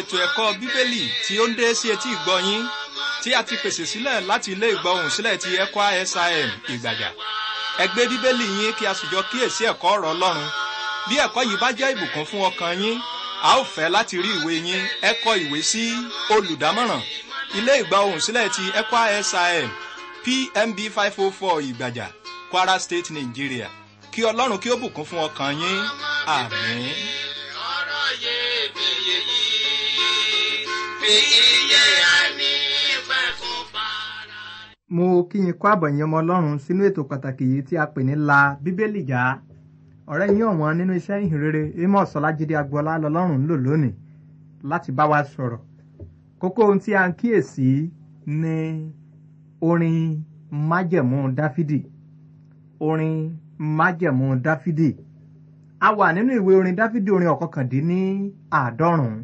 ètò ẹ̀kọ́ bíbélì tí ó ń dé sí etí ìgbọ́ yín tí a ti pèsè sílẹ̀ láti ilé ìgbọ́hùn sílẹ̀ ti ẹ̀kọ́ SIM ìgbàjà ẹ bíbélì yín kí a sì jọ kíyèsí ẹ̀kọ́ ọ̀rọ̀ ọlọ́run bí ẹ̀kọ́ yìí bá jẹ́ ìbùkún fún ọkàn yín a ó fẹ́ láti rí ìwé yín ẹ kọ ìwé sí olùdámọ̀ràn ilé ìgbọ́hùn sílẹ̀ ti ẹ̀kọ́ SIM PMB 504 ìgbàjà Kwara State Nigeria kí ọlọ́run kí ó bùkún fún ọkàn yín àmín. mo kí yín kó àbọ̀ yín ọmọ ọlọ́run sínú ètò pàtàkì yìí tí a pè ní la bíbélì já ọ̀rẹ́ yín ọ̀wọ́n nínú iṣẹ́ ìhìnrere amos ọlájídé agboola lọ́lọ́run ń lò lónìí láti bá wa sọ̀rọ̀ kókó ohun tí a ń kíyèsí ni orin májẹ̀mú dáfídì orin májẹ̀mú dáfídì a wà nínú ìwé orin dáfídì orin ọ̀kọ̀kàndínní àádọ́rùn-ún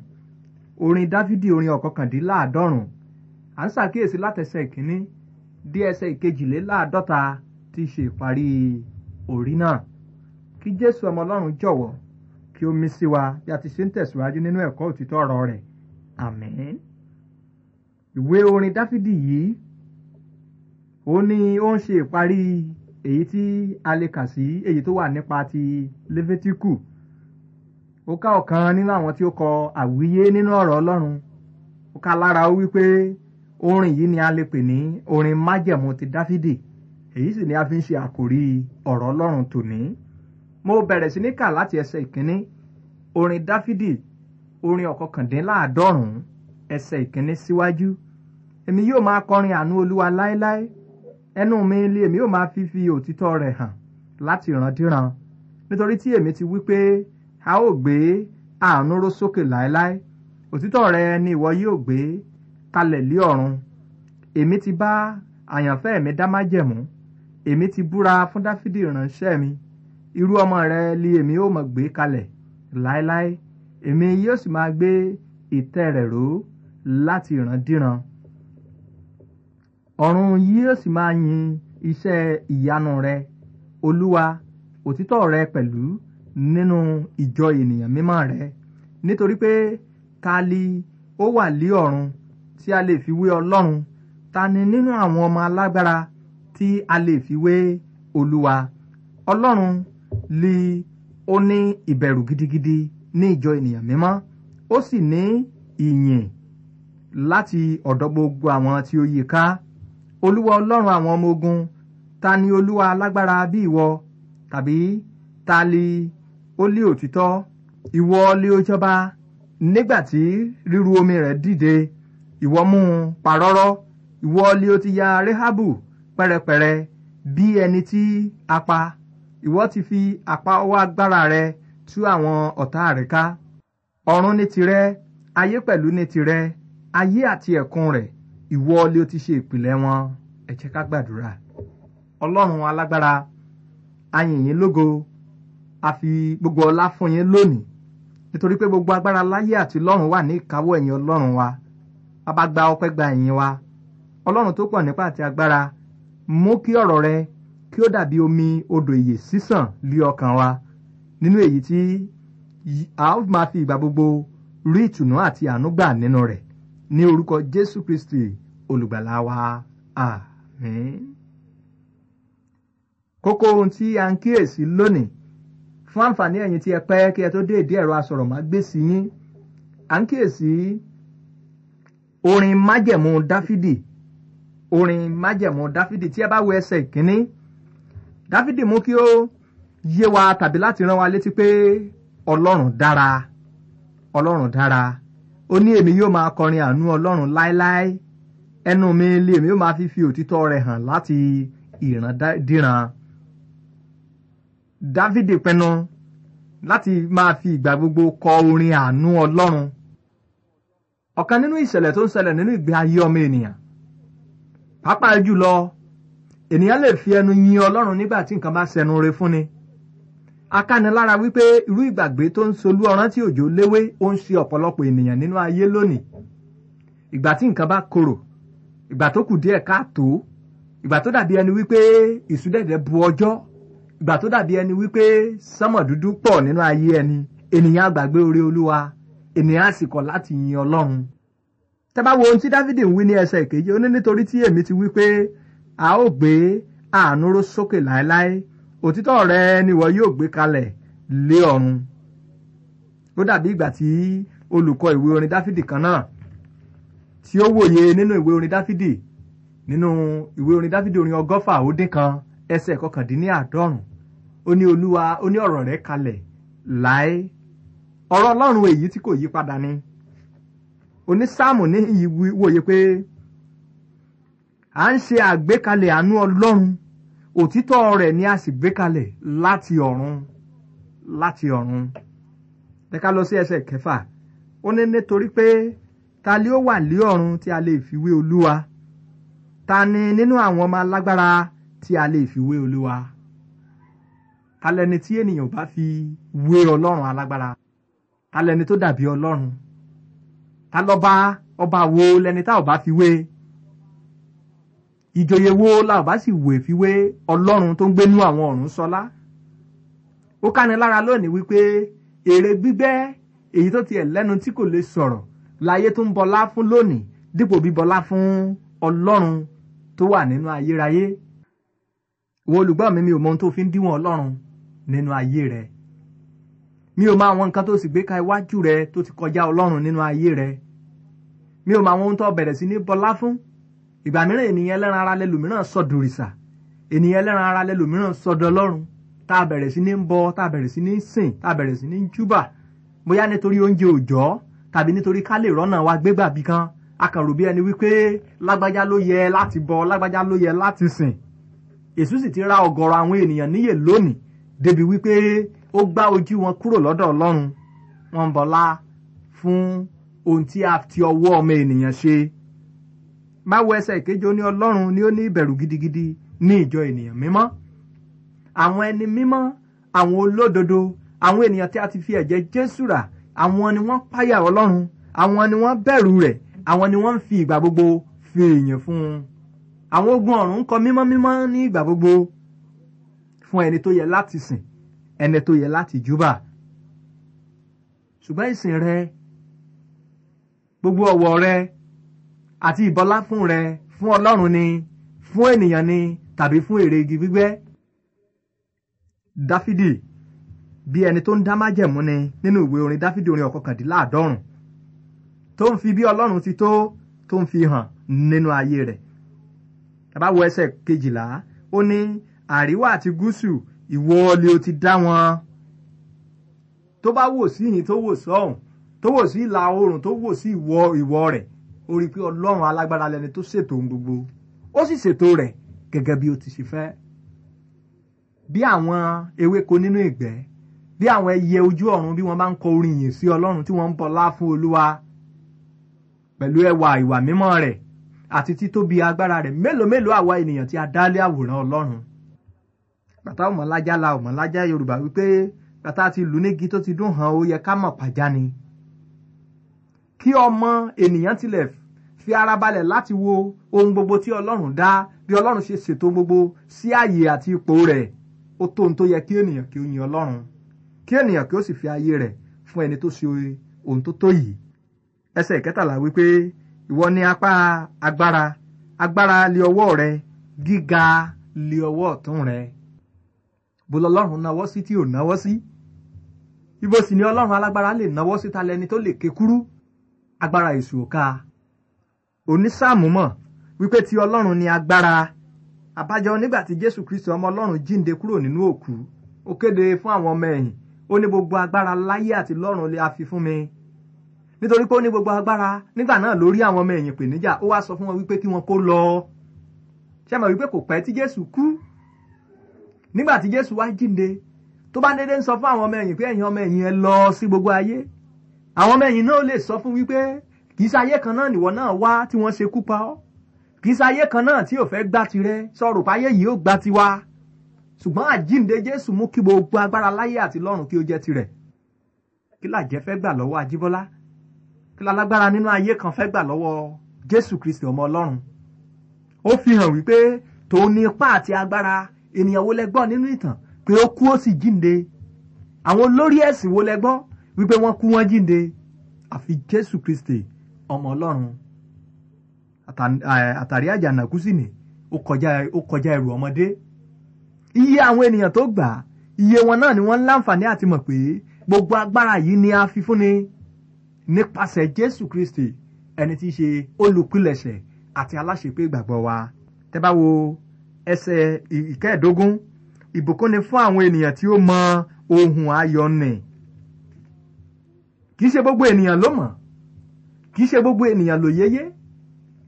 orin dávidi orin ọ̀kọ̀kàndínláàdọ́rùn à ń ṣàkíyèsí látẹsẹ̀ ìkíní dé ẹsẹ̀ ìkejìléláàádọ́ta tí í ṣe ìparí orí náà kí jésù ọmọ ọlọ́run jọ̀wọ́ kí ó mí sí wa bí a ti ṣe ń tẹ̀síwájú nínú ẹ̀kọ́ òtítọ́ ọ̀rọ̀ rẹ̀ àmín. ìwé orin dáfídì yìí ó ní ó ń ṣe ìparí èyí tí a lè kà sí èyí tó wà nípa ti levitiku ó ká ọ̀kan nínú àwọn tí ó kọ àwíyé nínú ọ̀rọ̀ ọlọ́run ó ká lára ó wípé orin yìí ni a lè pè ní orin májẹ̀mú ti dáfídì èyí sì ni a fi ń ṣe àkòrí ọ̀rọ̀ ọlọ́run tòní mo bẹ̀rẹ̀ sí ní kà láti ẹsẹ̀ ìkíní orin dáfídì orin ọ̀kọ̀kàndínláàádọ́rùn-ún ẹsẹ̀ ìkíní síwájú èmi yóò máa kọrin àánú olúwa láéláé ẹnu mi lé èmi yóò máa fífi òtítọ́ rẹ̀ hàn láti ìrandíran nítorí tí èmi ti wí pé a ó gbé àánú ró sókè láéláé òtítọ́ rẹ ni ìwọ yóò gbé kalẹ̀ lé ọ̀run èmi ti bá àyànfẹ́ mi dá májẹ̀mú èmi ti búra fún dáfídì ìránṣẹ́ mi irú ọmọ rẹ li èmi ó mọ̀ gbé kalẹ̀ láéláé èmi yóò sì máa gbé ìtẹ́ rẹ̀ ró láti ìrandíran ọ̀run yóò sì máa yin iṣẹ́ ìyanu rẹ olúwa òtítọ́ rẹ pẹ̀lú nínú ìjọ ènìyàn mímọ́ rẹ nítorí pé kali li ó wà lí ọ̀run tí a lè fi wé ọlọ́run ta ni nínú àwọn ọmọ alágbára tí a lè fi wé olúwa ọlọ́run li ó ní ìbẹ̀rù gidigidi ní ìjọ ènìyàn mímọ́ ó sì ní ìyìn láti ọ̀dọ̀ gbogbo àwọn tí ó yí ká olúwa ọlọ́run àwọn ọmọ ogun ta ni olúwa alágbára bí ìwọ tàbí ta li ó lé òtítọ́ ìwọ lé ó jọba nígbà tí ríru omi rẹ̀ dìde ìwọ mú un parọ́rọ́ ìwọ lé ó ti ya rehabu pẹ́rẹpẹ̀rẹ bí ẹni tí a pa ìwọ ti fi àpá ọwọ́ agbára rẹ tú àwọn ọ̀tá rẹ̀ ọ̀run ní tirẹ̀ ayé pẹ̀lú ní tirẹ̀ ayé àti ẹ̀kún rẹ̀ ìwọ lé ó ti ṣe ìpìlẹ̀ wọn ẹ ká gbàdúrà ọlọ́run alágbára a lógo a fi gbogbo ọlá fún yín lónìí nítorí pé gbogbo agbára láyé àti lọ́run wà ní ìkáwọ́ ẹ̀yin ọlọ́run wa bàbá gba ọpẹ́ gba ẹ̀yìn wa ọlọ́run tó pọ̀ nípa àti agbára mú kí ọ̀rọ̀ rẹ kí ó dàbí omi odò ìyè sísàn lé ọkàn wa nínú èyí tí a ó máa fi ìgbà gbogbo rí ìtùnú àti àánú gbà nínú rẹ̀ ní orúkọ jésù kristi olùgbàlà wa àmín. kókó ohun tí a ń kíyèsí lónìí fún àǹfààní ẹ̀yìn tí ẹ pẹ́ kí ẹ tó dé ìdí ẹ̀rọ asọ̀rọ̀mágbèsì yín à ń kíyèsí orin májẹ̀mú dáfídì orin májẹ̀mú dáfídì tí ẹ bá wo ẹsẹ̀ ìkíní dáfídì mú kí ó yé wa tàbí láti rán wa létí pé ọlọ́run dára ọlọ́run dára ó ní èmi yóò máa kọrin àánú ọlọ́run láéláé ẹnu mi yóò máa fi fi òtítọ́ rẹ̀ hàn láti David pinnu láti máa fi ìgbà gbogbo kọ orin àánú ọlọ́run ọ̀kan nínú ìṣẹ̀lẹ̀ tó ń ṣẹlẹ̀ nínú ìgbé ayé ọmọ ènìyàn pàápàá jùlọ ènìyàn lè fi ẹnu yin ọlọ́run nígbà tí nǹkan bá ṣẹnu re fún ni akánilára wípé irú ìgbàgbé tó ń solú ọ̀ràn tí òjò léwé ó ń ṣe ọ̀pọ̀lọpọ̀ ènìyàn nínú ayé lónìí ìgbà tí nǹkan bá korò ìgbà tó kù díẹ̀ káàtó ìgbà tó dàbí ẹni wípé ìsúdẹ̀dẹ̀ bu ọjọ́ ìgbà tó dàbí ẹni wípé sánmọ̀ dúdú pọ̀ nínú ayé ẹni ènìyàn àgbàgbé orí olúwa ènìyàn àsìkò láti yin ọlọ́run tẹ́ bá wo ohun tí dávidi ń wí ní ẹsẹ̀ ìkejì ó ní nítorí tí èmi ti wí pé a ó gbé àánú ró sókè láéláé òtítọ́ rẹ ni wọ́n yóò gbé kalẹ̀ lé ọ̀run ó dàbí ìgbà tí olùkọ́ ìwé orin dáfídì kan náà tí ó wòye nínú ìwé orin dáfídì nínú ìwé orin dáfídì orin ọgọ́fà ó dín kan ẹsẹ̀ kọkàndínláàdọ́rùn ó ní olúwa ó ní ọ̀rọ̀ rẹ̀ kalẹ̀ láé ọ̀rọ̀ ọlọ́run èyí tí kò yí padà ni onísáàmù ní ìwòye pé à ń ṣe àgbékalẹ̀ àánú ọlọ́run òtítọ́ rẹ̀ ni a sì gbékalẹ̀ láti ọ̀run láti ọ̀run ẹ ká lọ sí ẹsẹ̀ kẹfà ó ní nítorí pé ta lé ó wà lé ọ̀run tí a lè fi wé olúwa ta ni nínú àwọn ọmọ alágbára tí a lè fi wé olúwa ta lẹni tí ènìyàn bá fi wé ọlọ́run alágbára ta tó dàbí ọlọ́run ta ọba wo lẹni tá ò bá fi wé ìjòyè wo la ò bá sì wè fi wé ọlọ́run tó ń gbénú àwọn ọ̀run sọlá ó káni lára lónìí wípé èrè gbígbẹ́ èyí tó tiẹ̀ lẹ́nu tí kò lè sọ̀rọ̀ láyé tó ń bọlá fún lónìí dípò bíbọlá fún ọlọ́run tó wà nínú ayérayé ìwọ olùgbọ́ mi mi ò mọ ohun tó fi ń díwọ̀n ọlọ́run nínú ayé rẹ mi ò mọ àwọn nǹkan tó sì gbé ka iwájú rẹ tó ti kọjá ọlọ́run nínú ayé rẹ mi ò mọ àwọn ohun tó bẹ̀rẹ̀ sí ní bọlá fún ìgbà mìíràn ènìyàn ẹlẹ́ran ara lẹ́lòmíràn sọ̀dòrìṣà ènìyàn ẹlẹ́ran ara lẹ́lòmíràn sọ̀dọ̀lọ́run tá a bẹ̀rẹ̀ sí ní bọ tá a bẹ̀rẹ̀ sí ní sìn tá a bẹ̀rẹ̀ sí ní júbà bóyá nítorí oúnjẹ òòjọ́ tàbí nítorí ká lè rọ́nà wa gbégbà kan a bí ẹni wípé lágbájá ló yẹ láti bọ lágbájá ló yẹ láti sìn èṣù sì ti ra ọ̀gọ̀rọ̀ àwọn ènìyàn níyè lónìí débi wípé ó gbá ojú wọn kúrò lọ́dọ̀ ọlọ́run wọn bọlá fún ohun tí a ti ọwọ́ ọmọ ènìyàn ṣe má wo ẹsẹ̀ ìkeje ó ni ó ní ìbẹ̀rù gidigidi ní ìjọ ènìyàn mímọ́ àwọn ẹni mímọ́ àwọn olódodo àwọn ènìyàn tí a ti fi ẹ̀jẹ̀ jésù rà àwọn ni wọ́n páyà ọlọ́run àwọn ni wọ́n bẹ̀rù rẹ̀ àwọn ni wọ́n ń fi ìgbà gbogbo fi ìyìn fún un àwọn ogun ọ̀run ń kọ mímọ́ mímọ́ ní ìgbà gbogbo fún ẹni tó yẹ láti sìn ẹni tó yẹ láti júbà ṣùgbọ́n ìsìn rẹ gbogbo ọ̀wọ̀ rẹ àti ìbọlá fún rẹ fún ọlọ́run ni fún ènìyàn ni tàbí fún èrè igi gbígbẹ́ dáfídì bí ẹni tó ń dá májẹ̀mú ni nínú ìwé orin dáfídì orin ọ̀kọ̀kàndínláàdọ́rùn tó ń fi bí ọlọ́run ti tó tó ń fi hàn nínú ayé rẹ̀ tàbá wo ẹsẹ̀ kejìlá ó ní àríwá àti gúúsù ìwọ lé o ti dá wọn tó bá wò sí ìyìn tó wò sọ́hùn tó wò sí ìlà oòrùn tó wò sí ìwọ ìwọ rẹ̀ ó rí i pé ọlọ́run alágbára lẹni tó ṣètò ohun gbogbo ó sì ṣètò rẹ̀ gẹ́gẹ́ bí ó ti ṣe fẹ́ bí àwọn ewéko nínú ìgbẹ́ bí àwọn ẹyẹ ojú ọ̀run bí wọ́n bá ń kọ orin ìyìn sí ọlọ́run tí wọ́n ń bọlá fún olúwa pẹ̀lú ẹwà ìwà mímọ́ rẹ̀ àti títóbi agbára rẹ̀ mélòó mélòó àwa ènìyàn tí a dá lé àwòrán ọlọ́run bàtà ọmọlájà la ọmọlájà yorùbá wípé bàtà ti lù nígi tó ti dún hàn ó yẹ ká mọ̀ pàjá ni kí ọmọ ènìyàn tilẹ̀ fi ara balẹ̀ láti wo ohun gbogbo tí ọlọ́run dá bí ọlọ́run ṣe ṣètò gbogbo sí ààyè àti ipò rẹ̀ ó tó ohun tó yẹ kí ènìyàn kí ó yin ọlọ́run kí ènìyàn kí ó sì fi ayé rẹ̀ fún ẹni tó ṣe ohun tó tó yìí ẹsẹ̀ ìkẹtàlá wípé ìwọ ni apá agbára agbára lé ọwọ́ rẹ gíga lé ọwọ́ ọ̀tún rẹ bó lọ́lọ́run náwó sí tí ò náwó sí ibo sì ni ọlọ́run alágbára lè náwó síta lẹni tó lè ké kúrú agbára èṣù òka onísáàmù mọ̀ wípé ti ọlọ́run ni agbára àbájọ nígbà tí jésù kristu ọmọ ọlọ́run jíǹde kúrò nínú òkú ó kéde fún àwọn ọmọ ẹ̀yìn ó ní gbogbo agbára láyé àti lọ́run lè a fi fún mi nítorí pé ó ní gbogbo agbára nígbà náà lórí àwọn ọmọ ẹ̀yìn pèníjà ó wá sọ fún wọn wípé kí wọn kó lọ ṣé mọ̀ wípé kò pẹ́ tí Jésù kú nígbà tí Jésù wá jíǹde tó bá dédé ń sọ fún àwọn ọmọ ẹ̀yìn pé ẹ̀yin ọmọ ẹ̀yìn ẹ lọ sí gbogbo ayé àwọn ọmọ ẹ̀yìn náà lè sọ fún wípé kì í sáyé kan náà nìwọ náà wá tí wọ́n ṣekú pa ọ́ kì í sáyé kan náà tí ò fẹ́ gbá tirẹ̀ sọ̀rọ̀ páyé yìí ó gbá tiwa ṣùgbọ́n àjíǹde Jésù mú kí gbogbo agbára láyé àti lọ́run kí ó jẹ́ tirẹ̀ kí làjẹ́ fẹ́ gbà lọ́wọ́ Ajíbọ́lá kí lálágbára nínú ayé kan fẹ́ gbà lọ́wọ́ Jésù Kristi ọmọ Ọlọ́run ó fi hàn wípé tòun ní ipá àti agbára ènìyàn wo lẹ́gbọ́ nínú ìtàn pé ó kú ó sì jíǹde àwọn olórí ẹ̀sìn wo lẹ́gbọ́ wípé wọ́n kú wọ́n jíǹde àfi Jésù Kristi ọmọ Ọlọ́run àtàrí àjànàkú sì ni ó kọjá ẹrù ọmọdé iye àwọn ènìyàn tó gbà iye wọn náà ni wọ́n ń láǹfààní àti mọ̀ pé gbogbo agbára yìí ni a fi fúnni nípasẹ̀ jésù kristi ẹni tí í ṣe olùpilẹ̀ṣẹ̀ àti aláṣepé ìgbàgbọ́ wa tẹ́ bá wo ẹsẹ̀ ìkẹẹ̀dógún ìbùkún ni fún àwọn ènìyàn tí ó mọ ohun ayọ̀ nì kì í ṣe gbogbo ènìyàn ló mọ̀ kì í ṣe gbogbo ènìyàn ló yéyé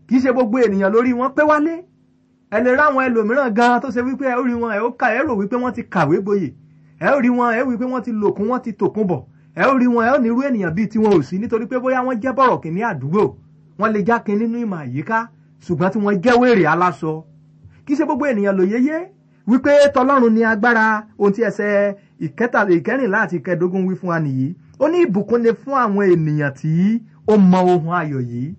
kì í ṣe gbogbo ènìyàn lórí wọn pé wálé ẹ lè ráwọn ẹlòmíràn gan tó ṣe wípé ẹ ó rí wọn ẹ ó kà ẹ rò wípé wọ́n ti kàwé gboyè ẹ ó rí wọn ẹ wípé wọ́n ti lòkun wọ́n ti tòkun bọ̀ ẹ ó rí wọn ẹ ó ní irú ènìyàn bíi tiwọn ò sí nítorí pé bóyá wọ́n jẹ́ bọ̀rọ̀ kìíní àdúgbò wọ́n lè jákin nínú ìmọ̀ àyíká ṣùgbọ́n tí wọ́n jẹ́ wèrè aláṣọ kì í ṣe gbogbo ènìyàn ló yéyé wípé tọlọ́run ni agbára ohun tí ẹsẹ̀ ìkẹrìnlá àti ìkẹẹ̀dógún wí fún wa nìyí ó ní ìbùkún ni fún àwọn ènìyàn tí ó mọ ohun ayọ̀ yìí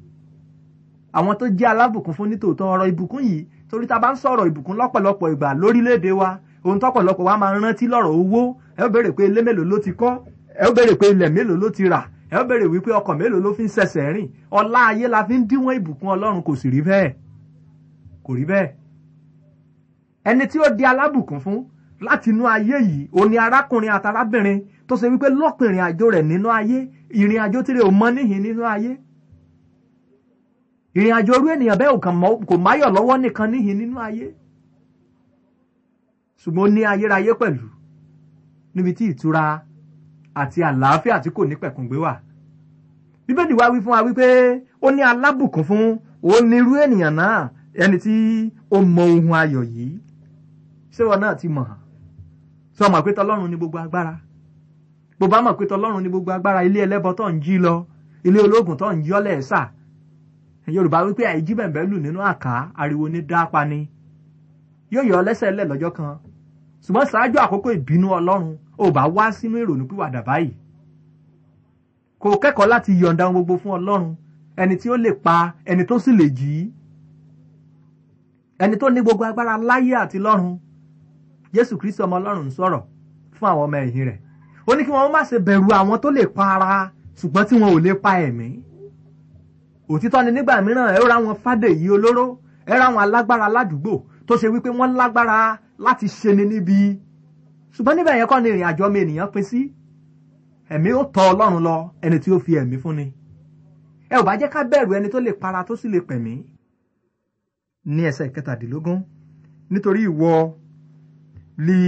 àwọn tó jẹ́ alábùkún fún nítòótọ́ ọ̀rọ̀ ìbùkún yìí torí tá bá ń sọ̀rọ̀ ìbùkún lọ́pọ̀lọpọ̀ ìgbà lórílẹ̀ wa ohun tọ́pọ̀lọpọ̀ wa máa ń rántí lọ́rọ̀ owó ẹ ó pé ilé mélòó ló ti kọ́ ẹ ó bèrè pé ilẹ̀ mélòó ló ti rà ẹ ó bèrè wípé ọkọ̀ mélòó ló fi ń ṣẹ̀ṣẹ̀ rìn ọlá ayé la fi ń díwọ̀n ìbùkún ọlọ́run kò sì rí bẹ́ẹ̀ kò rí bẹ́ẹ̀ ẹni tí ó di alábùkún fún láti inú ayé yìí ó ní arákùnrin àtàrábìnrin tó ṣe wípé lọ́pìnrin àjò rẹ̀ nínú ayé ìrìn àjò tirẹ̀ ò mọ níhìn nínú ayé ìrìn àjò orú ènìyàn bẹ́ẹ̀ kò máyọ̀ lọ́wọ́ nìkan níhìn nínú ayé ṣùgbọ́n ó ní ayérayé pẹ̀lú níbi tí ìtura àti àlàáfíà tí kò ní pẹ̀kúngbé wà bíbélì wa wí fún wa wípé ó ní alábùkún fún onírú ènìyàn náà ẹni tí ó mọ ohun ayọ̀ yìí ṣé wọn náà ti mọ̀ sọ mọ̀ pé tọlọ́run ní gbogbo agbára bó bá mọ̀ pé tọlọ́run ní gbogbo agbára ilé ẹlẹ́bọ tó ń jí lọ ilé ológun tó ń yọ́ lẹ́ẹ̀sà yorùbá wípé àìjí bẹ̀m̀bẹ̀ lù nínú àká ariwo ní dápa yóò yọ lẹ́sẹ̀ lẹ̀ lọ́jọ́ kan ṣùgbọ́n ṣáájú àkókò ìbínú ọlọ́run ò bá wá sínú ìrònú pìwàdà báyìí kò kẹ́kọ̀ọ́ láti yọ̀ǹda ohun gbogbo fún ọlọ́run ẹni tí ó lè pa ẹni tó sì lè jì í ẹni tó ní gbogbo agbára láyé àti lọ́run jésù kristi ọmọ ọlọ́run ń sọ̀rọ̀ fún àwọn ọmọ ẹ̀yìn rẹ̀ ó ní kí wọ́n má ṣe bẹ̀rù àwọn tó lè pa ara ṣùgbọ́n tí wọn ò lè pa ẹ̀mí òtítọ́ ni nígbà mìíràn ẹ ra wọn fádèyí olóró ẹ ra wọn alágbára ládùúgbò tó ṣe wípé wọ́n lágbára láti ṣeni níbi ṣùgbọ́n níbẹ̀ yẹn kọ́ ni ìrìn àjò ọmọ ènìyàn pín sí ẹ̀mí ó tọ̀ ọlọ́run lọ ẹni tí ó fi ẹ̀mí fún ni ẹ ò bá jẹ́ ká bẹ̀rù ẹni tó lè para tó sì lè pẹ̀mí ní ẹsẹ̀ kẹtàdínlógún nítorí ìwọ li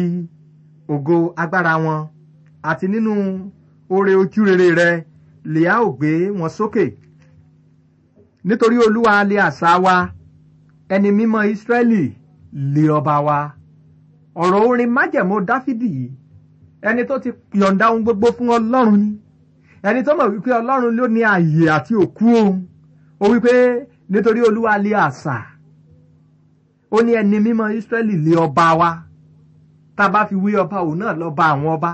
ògo agbára wọn àti nínú oore ojú rere rẹ lè á ò gbé wọn sókè nítorí olúwa lè àṣà wa ẹni mímọ́ Ísírẹ́lì lè ọba wa ọ̀rọ̀ orin májẹ̀mú dáfídì yìí ẹni tó ti yọ̀ǹda ohun gbogbo fún ọlọ́run ni ẹni tó mọ̀ wípé ọlọ́run ló ní ààyè àti òkú òun ó wípé nítorí olúwa lé àṣà ó ní ẹni mímọ́ ísírẹ́lì lé ọba wa tá a bá fi wé ọba òun náà lọ́ba àwọn ọba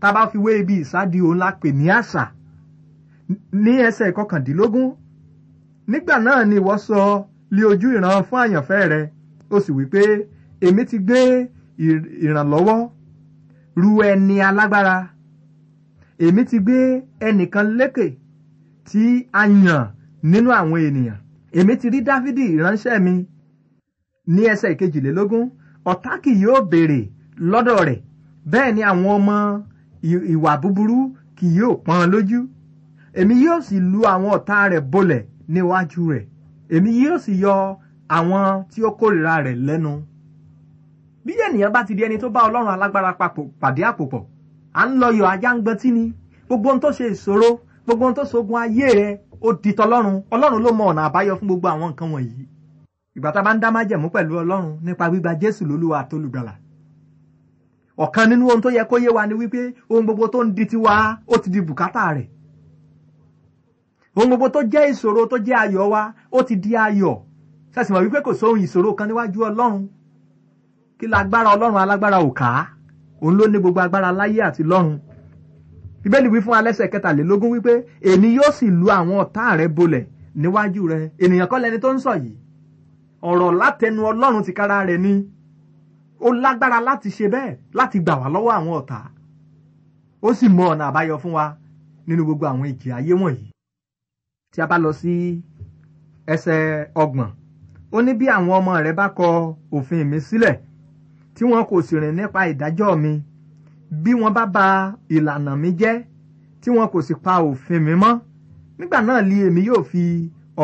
tá a bá fi wé ibi ìsádi òun la ní àṣà ní ẹsẹ̀ kọkàndínlógún nígbà náà ni ìwọ sọ lé ojú ìran fún àyànfẹ́ rẹ ó sì wípé èmi ti gbé ìrànlọ́wọ́ ru ẹni alágbára èmi ti gbé ẹnìkan lékè tí a yàn nínú àwọn ènìyàn èmi ti rí dáfídì ìránṣẹ́ mi ní ẹsẹ̀ ìkejìlélógún ọ̀tá kì yóò béèrè lọ́dọ̀ rẹ̀ bẹ́ẹ̀ ni àwọn ọmọ ìwà búburú kì yóò pọ́n lójú èmi yóò sì lu àwọn ọ̀tá rẹ̀ bolẹ̀ níwájú rẹ̀ èmi yóò sì yọ àwọn tí ó kórìíra rẹ̀ lẹ́nu bí ènìyàn bá ti di ẹni tó bá ọlọ́run alágbára papọ̀ pàdé àpòpọ̀ à ń lọyọ̀ ajá ń gbọ́tí ni gbogbo ohun tó ṣe ìṣòro gbogbo ohun tó ṣogun ayé rẹ ó di tọlọ́run ọlọ́run ló mọ ọ̀nà àbáyọ fún gbogbo àwọn nǹkan wọ̀nyí ìgbà tá a bá ń dá májẹ̀mú pẹ̀lú ọlọ́run nípa gbígba jésù lólúwa àtolùgbàlà ọ̀kan nínú ohun tó yẹ kó yé wa ni wípé ohun gbogbo tó ń di tiwa ó ti di bùkátà rẹ̀ ohun gbogbo tó jẹ́ ìṣòro tó jẹ́ ayọ̀ wa ó ti di ayọ̀ ṣàṣìmọ̀ wípé kò sóhun ìṣòro kan níwájú ọlọ́run kí lágbára ọlọ́run alágbára ò ká òun ló ní gbogbo agbára láyé àti lọ́run bíbélì wí fún alẹ́sẹ̀ kẹtàlélógún wípé èmi yóò sì lu àwọn ọ̀tá rẹ bolẹ̀ níwájú rẹ ènìyàn kọ́ lẹni tó ń sọ yìí ọ̀rọ̀ látẹnu ọlọ́run tìkára rẹ̀ ni ó lágbára láti ṣe bẹ́ẹ̀ láti gbà wá lọ́wọ́ àwọn ọ̀tá ó sì mọ ọ̀nà àbáyọ fún wa nínú gbogbo àwọn ìjì ayé wọ̀nyí tí a bá lọ sí ẹsẹ̀ ọgbọ̀n ó ní bí àwọn ọmọ rẹ bá kọ òfin mi sílẹ̀ tí wọn kò sì rìn nípa ìdájọ́ mi bí wọ́n bá ba ìlànà mi jẹ́ tí wọn kò sì pa òfin mi mọ́ nígbà náà li èmi yóò fi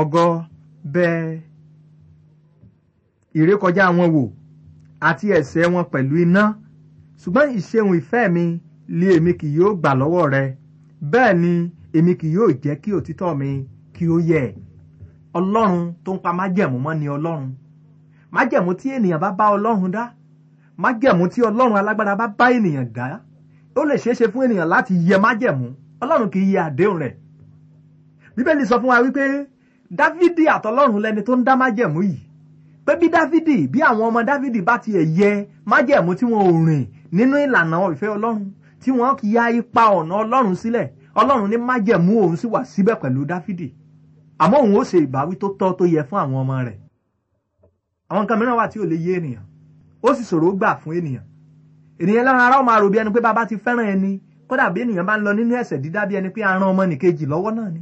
ọ̀gọ bẹ̀ ìrékọjá wọn wò àti ẹ̀ṣẹ̀ wọn pẹ̀lú iná ṣùgbọ́n ìṣeun ìfẹ́ mi li èmi kì yóò gbà lọ́wọ́ rẹ bẹ́ẹ̀ ni èmi kì yóò jẹ́ kí òtítọ́ mi kí ó yẹ ọlọ́run tó ń pa májẹ̀mú mọ́ ni ọlọ́run májẹ̀mú tí ènìyàn bá bá ọlọ́run dá májẹ̀mú tí ọlọ́run alágbára bá bá ènìyàn dá ó lè ṣeé ṣe fún ènìyàn láti yẹ májẹ̀mú ọlọ́run kì í yẹ àdéhùn rẹ̀ bíbélì sọ fún wa wípé dávidi àtọlọ́run lẹni tó ń dá májẹ̀mú yìí pé bí dávidi bí àwọn ọmọ dávidi bá tiẹ̀ yẹ májẹ̀mú tí wọn ò rìn nínú ìlànà ìfẹ́ ọlọ́run tí wọn kì í ya ipa ọ̀nà ọlọ́run sílẹ̀ ọlọ́run ní májẹ̀mú òun sì wà síbẹ̀ pẹ̀lú dávidi àmọ́ òun ó ṣe ìbáwí tó tọ́ tó yẹ fún àwọn ọmọ rẹ̀ àwọn nǹkan mìíràn wà tí ò lè yé ènìyàn ó sì ṣòro gbà fún ènìyàn ènìyàn lára ara ó máa rò bí ẹni pé bàbá ti fẹ́ràn ẹni kódà bí ènìyàn bá ń lọ nínú ẹ̀ṣẹ̀ dídá bí ẹni pé a rán ọmọ nìkejì lọ́wọ́ náà ni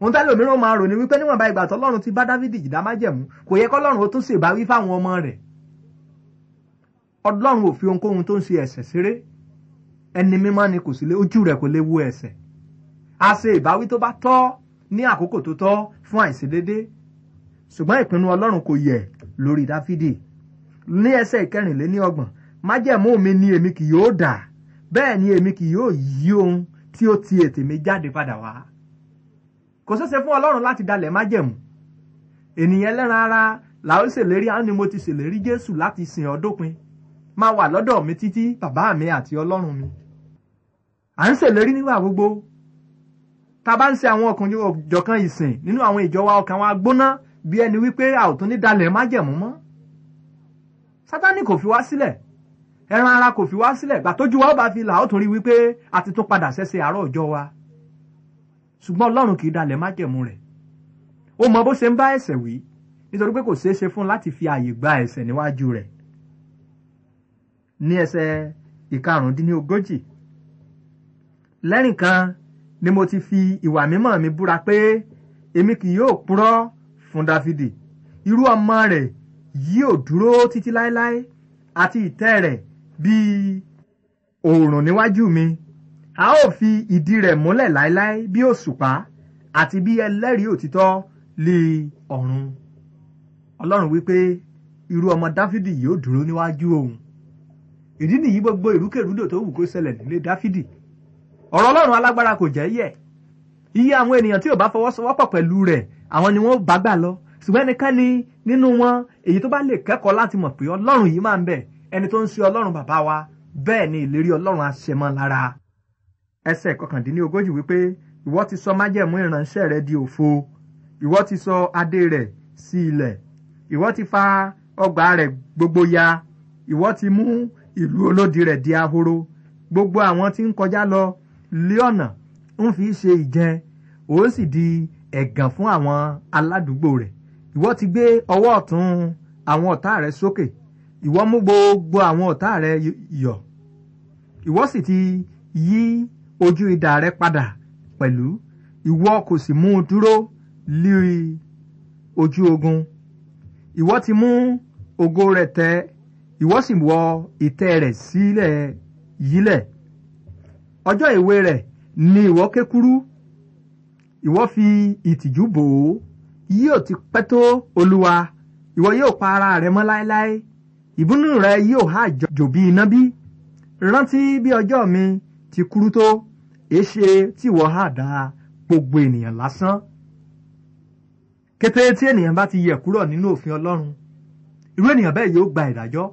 ohun tẹ́lẹ̀ òmíràn máa rò ní wípé níwọ̀nba ìgbà tọ́lọ́run ti bá dávidi jìdá májẹ̀mú kò yẹ kọ́lọ́run ó tún ṣèbáwí fáwọn ọmọ rẹ̀ ọlọ́run ò fi ohunkóhun tó ń ṣe ẹ̀ṣẹ̀ ṣeré ẹni mímọ́ ni kò sí lé ojú rẹ̀ kò lè wo ẹ̀ṣẹ̀ a ṣe ìbáwí tó bá tọ́ ní àkókò tó tọ́ fún àìṣedédé ṣùgbọ́n ìpinnu ọlọ́run kò yẹ̀ lórí dáfídì ní ẹsẹ̀ ìkẹrìnléní ọgbọ̀n májẹ̀mú mi ni èmi kì yóò dà bẹ́ẹ̀ ni èmi kì yóò yí ohun tí ó ti ètè mi jáde padà wá. kò ṣeéṣe fún ọlọ́run láti dalẹ̀ májẹ̀mú ènìyàn ẹlẹ́ran ara làwọn ṣèlérí àwọn ni mo ti ṣèlérí jésù láti sìn ọ́ dópin máa wà lọ́dọ̀ mi títí bàbá mi àti ọlọ́run mi. à ń ṣèlérí nígbà gbogbo ta bá ń ṣe àwọn ọkùnrin ọ̀jọ̀kan ìsìn nínú àwọn ìjọ wa ọkàn wa gbóná bí ẹni wípé a ò tún ní dalẹ̀ májẹ̀mú mọ́ sátánì kò fi wá sílẹ̀ ẹran ara kò fi wá sílẹ̀ gbà tójú wa ó bá fi là ó tún rí wípé a ti tún padà sẹ́sẹ̀ àárọ̀ ọjọ́ wa ṣùgbọ́n ọlọ́run kì í dalẹ̀ májẹ̀mú rẹ̀ ó mọ bó ṣe ń bá ẹ̀ṣẹ̀ wí nítorí pé kò ṣeé ṣe fún láti fi ààyè gba ẹ̀ṣẹ̀ níwájú rẹ̀ ní ẹsẹ̀ ìkarùndínlógójì lẹ́rìn kan ni mo ti fi ìwà mímọ́ mi búra pé èmi kì yóò purọ́ fún dáfídì irú ọmọ rẹ̀ yóò dúró títí láéláé àti ìtẹ́ rẹ̀ bíi òòrùn níwájú mi a ó fi ìdí rẹ̀ múlẹ̀ láéláé bí òṣùpá àti bí ẹlẹ́rìí òtítọ́ lé ọ̀run ọlọ́run wípé irú ọmọ dáfídì yóò dúró níwájú òun ìdí nìyí gbogbo ìrúkèrúdò tó wù kó ṣẹlẹ̀ nílé dáfídì ọ̀rọ̀ ọlọ́run alágbára kò jẹ́ yẹ̀ iye àwọn ènìyàn tí ò bá fọwọ́sowọ́pọ̀ pẹ̀lú rẹ̀ àwọn ni wọ́n bá gbà lọ ṣùgbọ́n ẹnikẹ́ni nínú wọn èyí tó bá lè kẹ́kọ̀ọ́ láti mọ̀ pé ọlọ́run yìí máa ń bẹ ẹni tó ń ṣe ọlọ́run bàbá wa bẹ́ẹ̀ ni ìlérí ọlọ́run á ṣe mọ́ lára. ẹsẹ̀ kọkàndínlógójì wípé ìwọ ti sọ májẹ̀mú ìránṣẹ́ rẹ di òfo ìwọ ti sọ adé rẹ̀ sí ilẹ̀ ìwọ ti fa ọgbà rẹ̀ gbogbo ya ìwọ ti mú ìlú olódi rẹ̀ di ahoro gbogbo àwọn tí ń kọjá lọ lé ọ̀nà ń fi ṣe ìjẹ òun sì di ẹ̀gàn fún àwọn aládùúgbò rẹ̀ ìwọ ti gbé ọwọ́ ọ̀tún àwọn ọ̀tá rẹ sókè ìwọ mú gbogbo àwọn ọ̀tá rẹ yọ ìwọ sì ti yí ojú idà rẹ padà pẹ̀lú ìwọ kò sì mú un dúró lírí ojú ogun ìwọ ti mú ògo rẹ tẹ ìwọ sì wọ ìtẹ́ rẹ̀ sílẹ̀ yílẹ̀ ọjọ́ ìwé rẹ̀ ni ìwọ kékurú ìwọ fi ìtìjú bò yóò ti pẹ́ tó olúwa ìwọ yóò pa ara rẹ mọ́ láéláé ìbínú rẹ yóò há jò bí iná bí rántí bí ọjọ́ mi ti kúrú tó èéṣe tí ìwọ hà dá gbogbo ènìyàn lásán kété tí ènìyàn bá ti yẹ kúrò nínú òfin ọlọ́run irú ènìyàn bẹ́ẹ̀ yóò gba ìdájọ́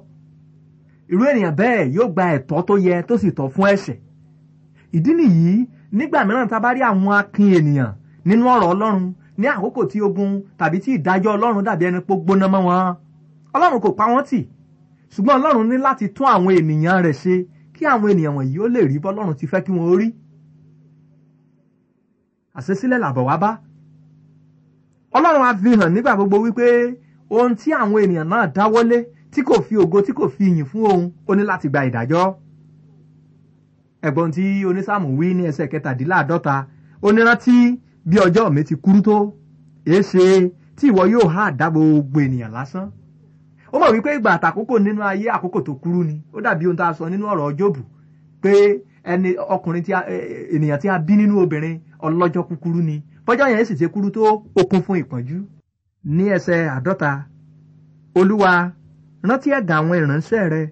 irú ènìyàn bẹ́ẹ̀ yóò gba ẹ̀tọ́ tó yẹ tó sì tọ́ fún ẹ̀ṣẹ̀ ìdí nìyí nígbà mìíràn tá a bá rí àwọn akin ènìyàn nínú ọ̀rọ̀ ọlọ́run ní àkókò tí ogun tàbí tí ìdájọ́ ọlọ́run dàbí ẹni pó gbóná mọ́ wọn ọlọ́run kò pa wọ́n tì ṣùgbọ́n ọlọ́run ní láti tún àwọn ènìyàn rẹ̀ ṣe kí àwọn ènìyàn wọ̀nyí ó lè rí bọ́lọ́run ti fẹ́ kí wọ́n rí àṣesílẹ̀ làbọ̀ wá bá ọlọ́run á fi hàn nígbà gbogbo wípé ohun tí àwọn ènìyàn náà dáwọ́lé tí kò fi ògo tí kò fi ìyìn fún òun ó ní láti gba ìdájọ́ ẹ̀gbọ́n tí onísàmù wí ní ẹsẹ̀ kẹtàdínláàdọ́ta ó ní bí ọjọ́ mi ti kúrú tó èéṣe tí ìwọ yóò hà dá gbogbo ènìyàn lásán ó mọ̀ wípé ìgbà àtàkókò nínú ayé àkókò tó kúrú ni ó dàbí ohun tá a sọ nínú ọ̀rọ̀ Jóòbù pé ẹni ọkùnrin tí ènìyàn tí a bí nínú obìnrin ọlọ́jọ́ kúkúrú ni bọ́jọ́ yẹn sì ti kúrú tó okun fún ìpọ́njú ní ẹsẹ̀ àádọ́ta olúwa rántí ẹ̀gà àwọn ìránṣẹ́ rẹ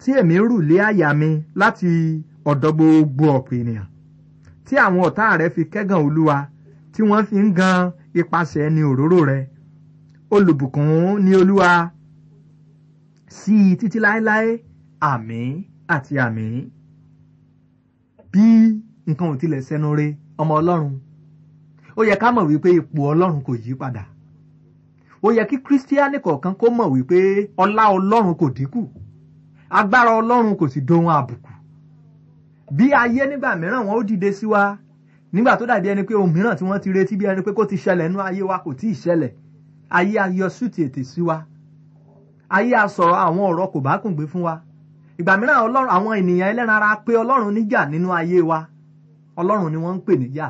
tí èmi rù lé àyà mi láti ọ̀dọ̀ gbogbo ọ̀pọ̀ ènìyàn tí àwọn ọ̀tá rẹ fi kẹ́gàn olúwa tí wọ́n fi ń gan ipasẹ̀ ẹni òróró rẹ olùbùkún ni olúwa sí i títí láéláé àmín àti àmín bí nǹkan ò tilẹ̀ sẹ́nu re ọmọ ọlọ́run ó yẹ ká mọ̀ wípé ipò ọlọ́run kò yí padà ó yẹ kí kírísítíánì kọ̀ọ̀kan kó mọ̀ wípé ọlá ọlọ́run kò dínkù agbára ọlọ́run kò sì dohun àbùkù bí ayé nígbà mìíràn wọn ó dìde sí wa nígbà tó dàbí ẹni pé ohun mìíràn tí wọ́n ti retí bí ẹni pé kó ti ṣẹlẹ̀ nú ayé wa kò tí ì ṣẹlẹ̀ ayé ayọ̀sùtì ètè sí wa ayé asọ̀rọ̀ àwọn ọ̀rọ̀ kò bá kùn gbé fún wa ìgbà mìíràn ọlọ́run àwọn ènìyàn ẹlẹ́ran ara pé ọlọ́run níjà nínú ayé wa ọlọ́run ni wọ́n ń pè níjà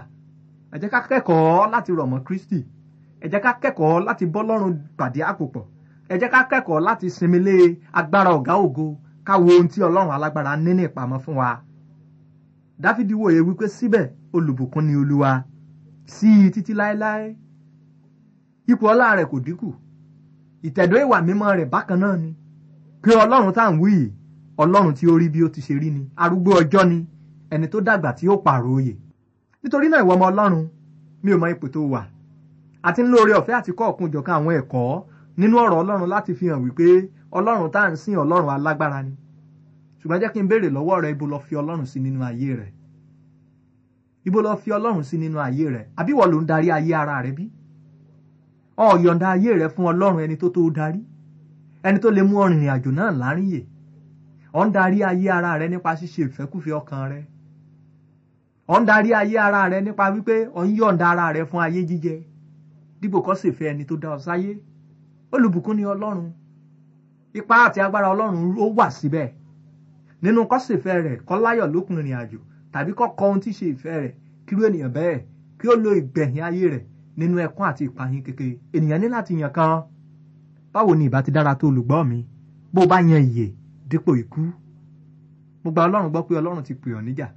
ẹ jẹ́ ká kẹ́kọ̀ọ́ láti rọ̀ mọ́ Kristi ẹ jẹ́ ká kẹ́kọ̀ọ́ láti bọ́ lọ́run pàdé àpòpọ̀ ẹ jẹ́ ká kẹ́kọ̀ọ́ láti sinmi lé agbára ọ̀gá ògo ká wo ohun tí ọlọ́run alágbára ní ní ìpamọ́ fún wa dáfídì wòye wípé síbẹ̀ olùbùkún ni olúwa sí i títí láéláé ipò ọlá rẹ̀ kò dínkù ìtẹ̀dọ́ ìwà mímọ́ rẹ̀ bákan náà ni pé ọlọ́run tá à ń wí yìí ọlọ́run tí ó rí bí ó ti ṣe rí ni arúgbó ọjọ́ ni ẹni tó dàgbà tí ó pààrọ̀ òye nítorí náà ìwọ ọmọ ọlọ́run mi ò mọ ipò tó wà àti ń lóore ọ̀fẹ́ àti kọ́ jọ̀kan àwọn ẹ̀kọ́ nínú ọ̀rọ̀ ọlọ́run láti fi hàn wípé ọlọ́run tá à ń sìn ọlọ́run alágbára ni ṣùgbọ́n jẹ́ kí n béèrè lọ́wọ́ rẹ ibo lọ fi ọlọ́run sí nínú ayé rẹ ibo lọ fi ọlọ́run sí nínú ayé rẹ àbí wọ́n ló ń darí ayé ara rẹ bí ọ̀yọ̀ǹda ayé rẹ fún ọlọ́run ẹni tó tó darí ẹni tó lè mú ọrìnrìn àjò náà láríyè ọ̀ ń darí ayé ara rẹ nípa ṣíṣe ìfẹ́kùfẹ́ ọkàn rẹ ọ̀ ń darí ayé ara rẹ nípa wípé ọ̀ ń yọ̀ǹda ara rẹ fún ayé jíjẹ dípò kọ́ ṣèfẹ́ ẹni tó dá ọ sáyé olùbùkún ni ọlọ́run ipá àti agbára ọlọ́run ó wà síbẹ̀ nínú kó ṣèfẹ́ rẹ̀ kó láyọ̀ lókun ìrìn àjò tàbí kó kọ ohun tí ṣe ìfẹ́ rẹ̀ kírú ènìyàn bẹ́ẹ̀ kí ó lo ìgbẹ̀yìn ayé rẹ̀ nínú ẹkún àti ìpààyàn kékeré ènìyàn ní láti yàn kan báwo ni ìbá ti dára tó olùgbọ́ mi bó o bá yan ìyè dípò ikú mo gba ọlọ́run gbọ́ pé ọlọ́run ti pè ọ́ níjà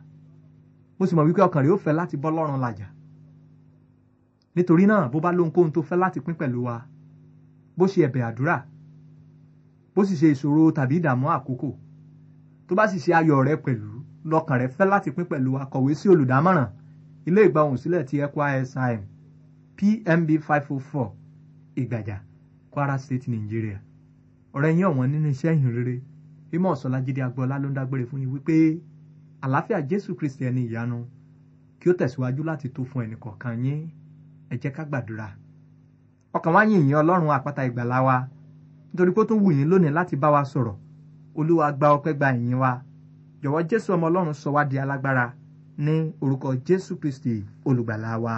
mo sì mọ̀ wípé ọkàn rẹ̀ ó fẹ́ láti bọ́ lọ́run làjà nítorí náà bó bá lóhunkóhun tó fẹ́ láti pín pẹ̀lú wa bó ṣe ẹ̀bẹ̀ àdúrà bó sì ṣe ìṣòro tàbí ìdààmú àkókò tó bá sì ṣe ayọ̀ rẹ pẹ̀lú lọ́kàn rẹ fẹ́ láti pín pẹ̀lú akọ̀wé sí olùdámọ̀ràn ilé ìgbohùnsílẹ̀ ti Ekwa SIM PMB five oh four Ìgbàjà Kwara State Nigeria ọ̀rẹ́ yín ọ̀wọ́n nínú iṣẹ́ ìhìnrere mímọ́ ọ̀sọ́lájídé agbọ́lá ló ń dágbére fún yín wípé àlàáfíà Jésù Kristi ẹni ìyanu kí ó tẹ̀síwájú láti tó fún ẹnìkọ̀ọ̀kan yín ẹ jẹ́ ká gbàdúrà ọkàn wa yìnyín ọlọ́run àpáta ìgbàlá wa nítorí pé ó tún wù yín lónìí láti bá wa sọ̀rọ̀ olúwa gba ọpẹ́ gba ìyìn wa jọ̀wọ́ jésù ọmọ ọlọ́run sọ wá di alágbára ní orúkọ jésù kristi olùgbàlà wa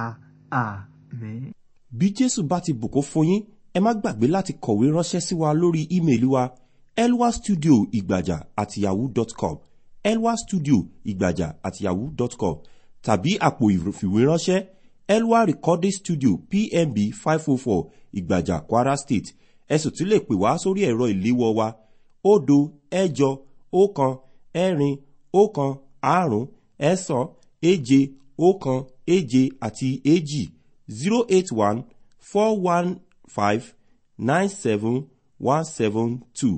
àmín. bí jésù bá ti bùkún fún yín ẹ má gbàgbé láti kọ̀wé ránṣẹ́ sí wa lórí ímeèlì wa elwastudio ìgbàjà at yahoo dot com elwastudio ìgbàjà at yahoo dot com tàbí àpò ìfìwéránṣẹ́ elwa recording studio pmb five oh four ìgbàjà kwara state ẹ sì tún lè pè wá sórí ẹ̀rọ ìléwọ́ wa Odo ẹ̀jọ Okan ẹ̀rin Okan àrún ẹ̀sán èje Okan èje àti èjì zero eight one four one five nine seven one seven two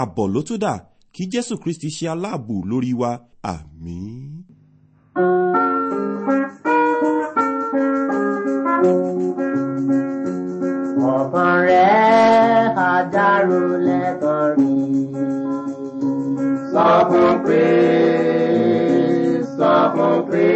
àbọ̀ ló tó dà kí jésù kristi ṣe aláàbò lórí wa àmín. thank you ọ̀kan rẹ̀ àdárò lẹ́kàn rí. sọ fún pé sọ fún pé.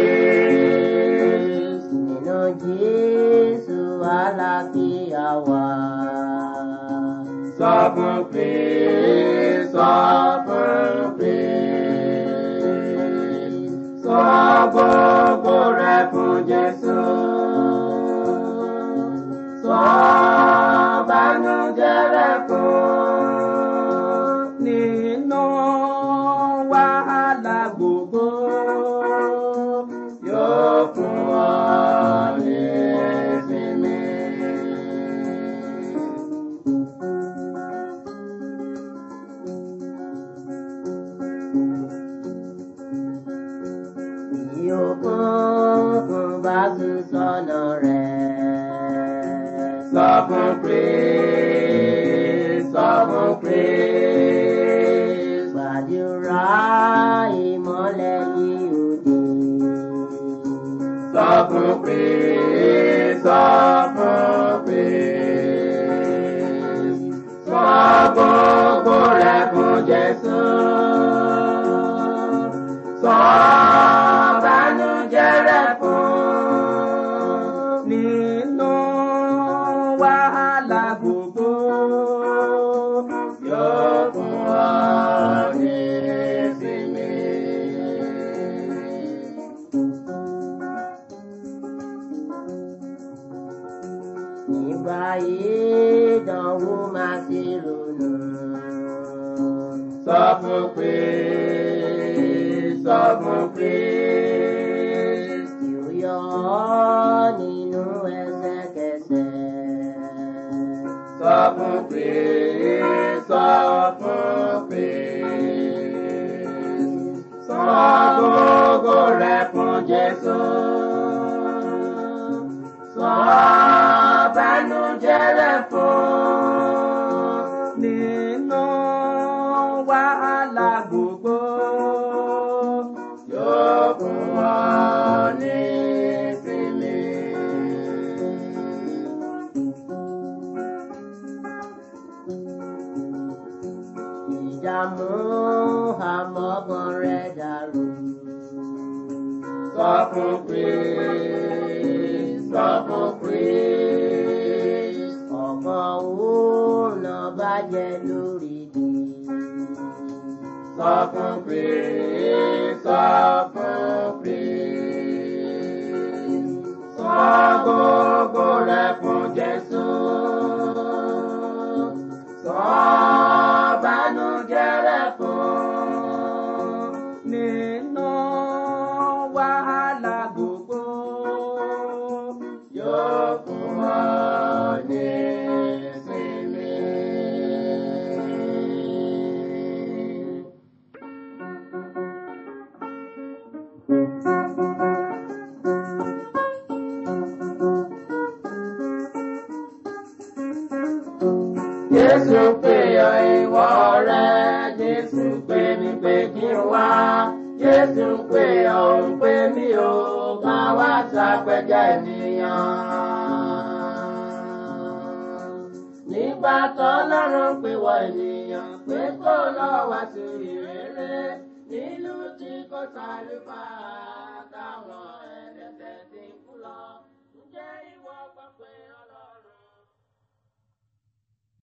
Yes, peace so peace. Sago répond Jésus. Sago nous Espírito salupa